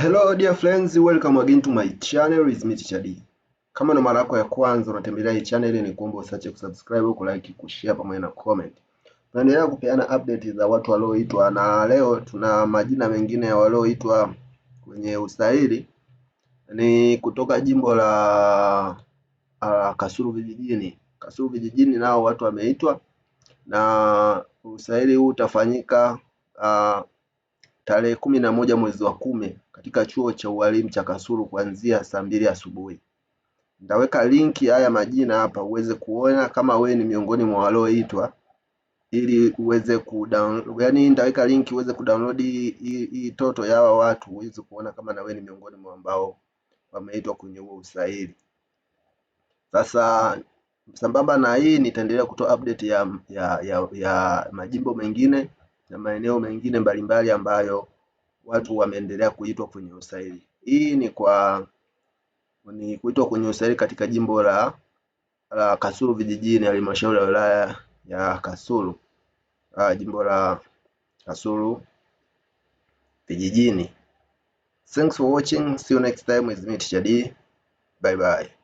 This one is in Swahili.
Hello dear friends, welcome again to my channel is me Teacher D. Kama ni mara yako ya kwanza unatembelea hii channel, ni kuomba usache kusubscribe, ku like, ku share pamoja na comment. Tunaendelea kupeana update za watu walioitwa, na leo tuna majina mengine ya walioitwa kwenye usaili, ni kutoka jimbo la uh, Kasulu vijijini. Kasulu vijijini nao watu wameitwa, na usaili huu utafanyika uh, tarehe kumi na moja mwezi wa kumi katika chuo cha ualimu cha Kasulu kuanzia saa mbili asubuhi. Nitaweka linki haya majina hapa uweze kuona kama wewe ni miongoni mwa walioitwa ili uweze kudownload, yani nitaweka linki uweze download hii toto ya hawa watu uweze kuona kama na wewe ni miongoni mwa ambao wameitwa kwenye huo usaili. Sasa sambamba na hii nitaendelea kutoa update ya, ya, ya, ya majimbo mengine na maeneo mengine mbalimbali ambayo watu wameendelea kuitwa kwenye usaili. Hii ni kwa ni kuitwa kwenye usaili katika jimbo la, la Kasulu vijijini halmashauri ya wilaya ya Kasulu uh, jimbo la Kasulu vijijini. Thanks for watching. See you next time with me Teacher D. Bye bye.